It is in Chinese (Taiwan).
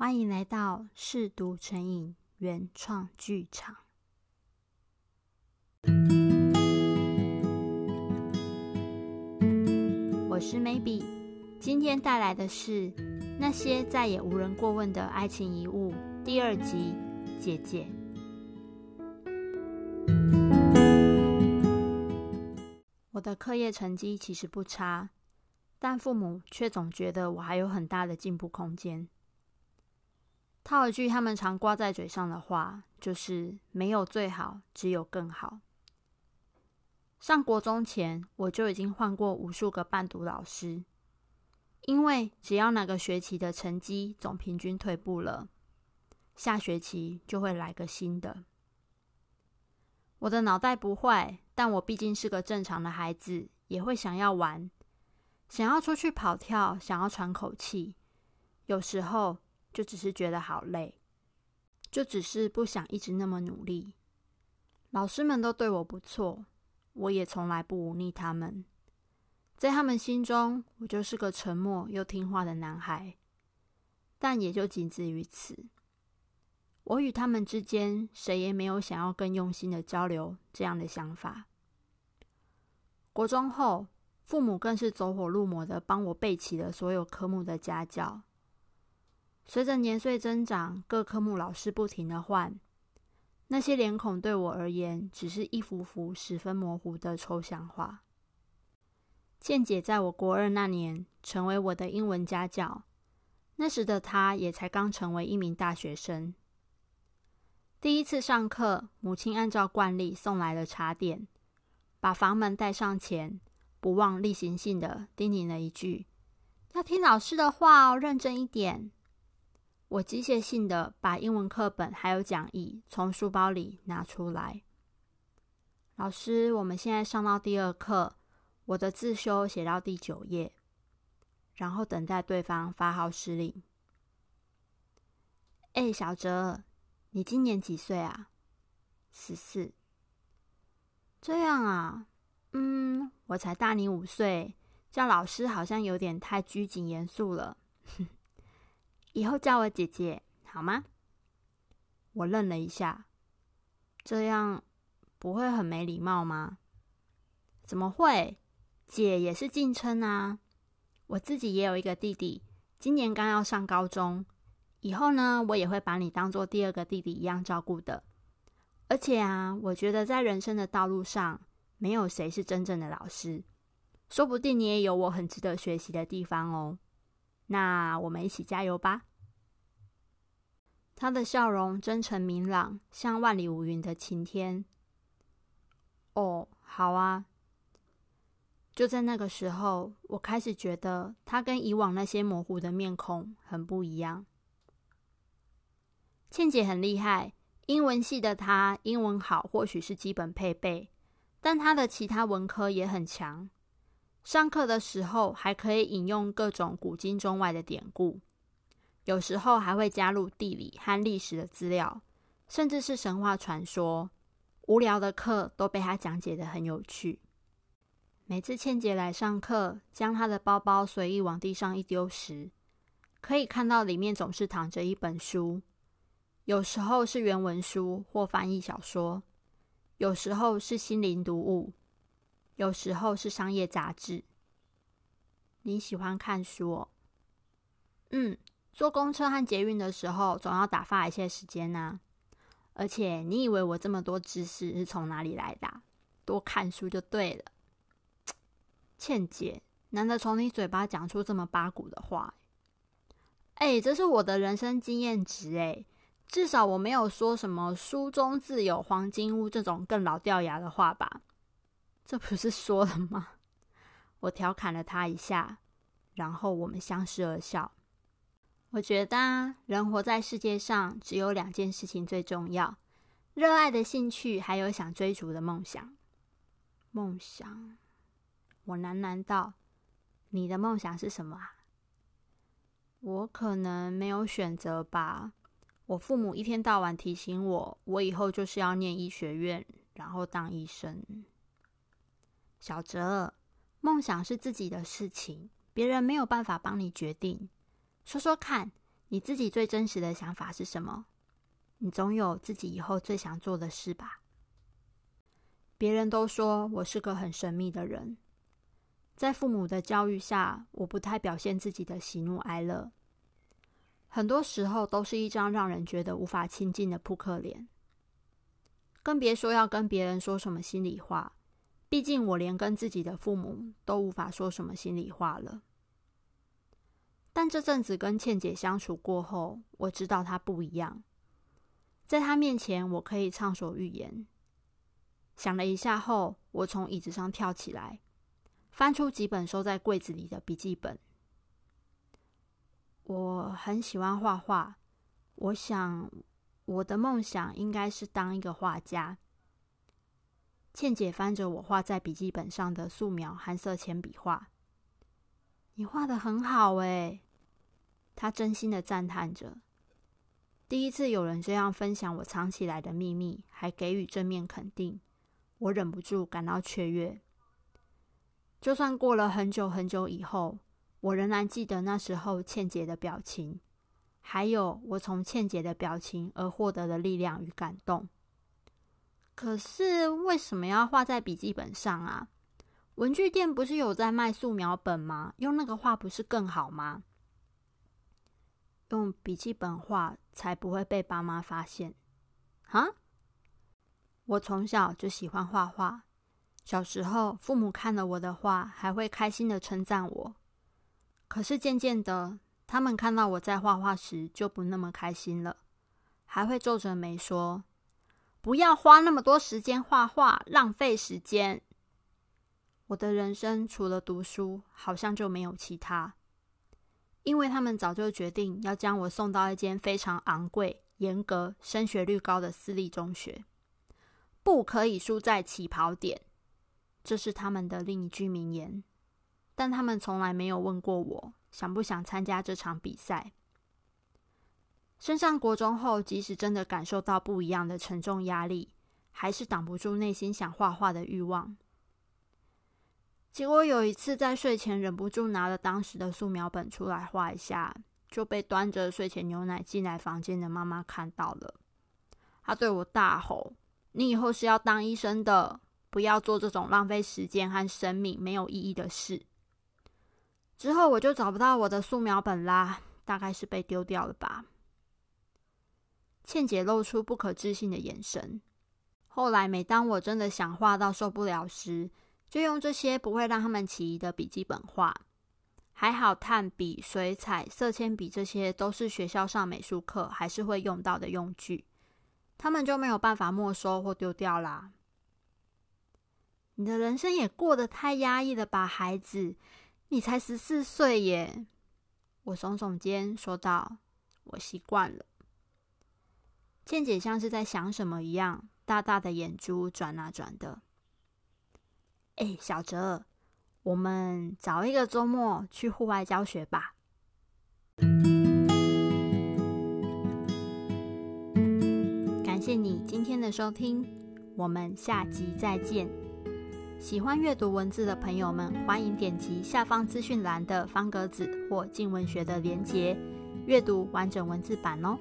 歡迎來到《書影成癮》原創劇場。我是 Maybe，今天帶來的是《那些再也無人過問的愛情遺物》第二集《姐姐》。我的課業成績其實不差，但父母卻總覺得我還有很大的進步空間。套一句他們常掛在嘴上的話，就是“沒有最好，只有更好”。上國中前，我就已經換過無數個伴讀老師，因為只要哪個學期的成績總平均退步了，下學期就會來個新的。我的腦袋不壞，但我畢竟是個正常的孩子，也會想要玩，想要出去跑跳，想要喘口氣。有時候。就只是覺得好累，就只是不想一直那麼努力。老師們都對我不錯，我也從來不忤逆他們，在他們心中，我就是個沉默又聽話的男孩。但也就僅止於此。我與他們之間，誰也沒有想要更用心的交流這樣的想法。國中後，父母更是走火入魔的幫我備齊了所有科目的家教。隨着年歲增長，各科目老師不停的換，那些臉孔對我而言只是一幅幅十分模糊的抽象畫。倩姐在我國二那年成為我的英文家教，那時的她也才剛成為一名大學生。第一次上課，母親按照慣例送來了茶點，把房門帶上前，不忘例行性的叮嚀了一句：“要聽老師的話哦，認真一點。”我機械性的把英文課本還有講義從書包裡拿出來。老師，我們現在上到第二課，我的自修寫到第九頁，然後等待對方發號施令。哎，小哲，你今年幾歲啊？十四。這樣啊，嗯，我才大你五歲，叫老師好像有點太拘謹嚴肅了。 以後叫我姐姐好嗎？我愣了一下，這樣不會很沒禮貌嗎？怎麼會？姐也是敬稱啊，我自己也有一個弟弟，今年剛要上高中。以後呢，我也會把你當做第二個弟弟一樣照顧的。而且啊，我覺得在人生的道路上，沒有誰是真正的老師，說不定你也有我很值得學習的地方哦。那我們一起加油吧！她的笑容真誠明朗，像萬里無雲的晴天。哦，好啊！就在那個時候，我開始覺得她跟以往那些模糊的面孔很不一樣。倩姐很厲害，英文系的她英文好，或許是基本配備，但她的其他文科也很強。上課的時候還可以引用各種古今中外的典故。有時候還會加入地理和歷史的資料，甚至是神話傳說。無聊的課都被他講解得很有趣。每次倩姐來上課，將她的包包隨意往地上一丟時，可以看到裡面總是躺着一本書。有時候是原文書或翻譯小說，有時候是心靈讀物，有時候是商業雜誌。你喜歡看書哦？嗯。坐公車和捷運的時候，總要打發一些時間呢、啊。而且，你以為我這麼多知識是從哪裡來的、啊？多看書就對了。倩姐，難得從你嘴巴講出這麼八股的話。哎、欸，這是我的人生經驗值哎、欸。至少我沒有說什麼“書中自有黃金屋”這種更老掉牙的話吧？這不是說了嗎？我調侃了他一下，然後我們相視而笑。我覺得啊，人活在世界上，只有兩件事情最重要：熱愛的興趣，還有想追逐的夢想。夢想，我喃喃道：“你的夢想是什麼啊？”我可能沒有選擇吧。我父母一天到晚提醒我，我以後就是要念醫學院，然後當醫生。小哲，夢想是自己的事情，別人沒有辦法幫你決定。說說看，你自己最真實的想法是什麼？你總有自己以後最想做的事吧？別人都說我是個很神秘的人，在父母的教育下，我不太表現自己的喜怒哀樂，很多時候都是一張讓人覺得無法親近的撲克臉，更別說要跟別人說什麼心裡話。畢竟我連跟自己的父母都無法說什麼心裡話了。但這陣子跟倩姐相處過後，我知道她不一樣。在她面前，我可以暢所欲言。想了一下後，我從椅子上跳起來，翻出幾本收在櫃子裡的筆記本。我很喜歡畫畫，我想我的夢想應該是當一個畫家。倩姐翻着我畫在筆記本上的素描和色鉛筆畫。你畫的很好哎、欸，他真心的讚嘆着。第一次有人這樣分享我藏起來的祕密，還給予正面肯定，我忍不住感到雀躍。就算過了很久很久以後，我仍然記得那時候倩姐的表情，還有我從倩姐的表情而獲得的力量與感動。可是為什麼要畫在筆記本上啊？文具店不是有在賣素描本嗎？用那個畫不是更好嗎？用筆記本畫才不會被爸媽發現啊！我從小就喜歡畫畫，小時候父母看了我的畫還會開心的稱讚我。可是漸漸的，他們看到我在畫畫時就不那麼開心了，還會皺着眉說：“不要花那麼多時間畫畫，浪費時間。”我的人生除了讀書，好像就沒有其他。因為他們早就決定要將我送到一間非常昂貴、嚴格、升學率高的私立中學，不可以輸在起跑點，這是他們的另一句名言。但他們從來沒有問過我想不想參加這場比賽。升上國中後，即使真的感受到不一樣的沉重壓力，還是擋不住內心想畫畫的慾望。結果有一次在睡前，忍不住拿了當時的素描本出來畫一下，就被端着睡前牛奶進來房間的媽媽看到了。她對我大吼：“你以後是要當醫生的，不要做這種浪費時間和生命沒有意義的事。”之後我就找不到我的素描本啦，大概是被丟掉了吧。倩姐露出不可置信的眼神。後來每當我真的想畫到受不了時，就用這些不會讓他們起疑的筆記本畫，還好炭筆、水彩、色鉛筆這些都是學校上美術課還是會用到的用具，他們就沒有辦法沒收或丟掉啦。你的人生也過得太壓抑了吧，孩子？你才十四歲耶！我聳聳肩說道：“我習慣了。”倩姐像是在想什麼一樣，大大的眼珠轉啊轉的。哎，小哲，我們找一個周末去戶外教學吧。感謝你今天的收聽，我們下集再見。喜歡閱讀文字的朋友們，歡迎點擊下方資訊欄的方格子或鏡文學的連結，閱讀完整文字版哦。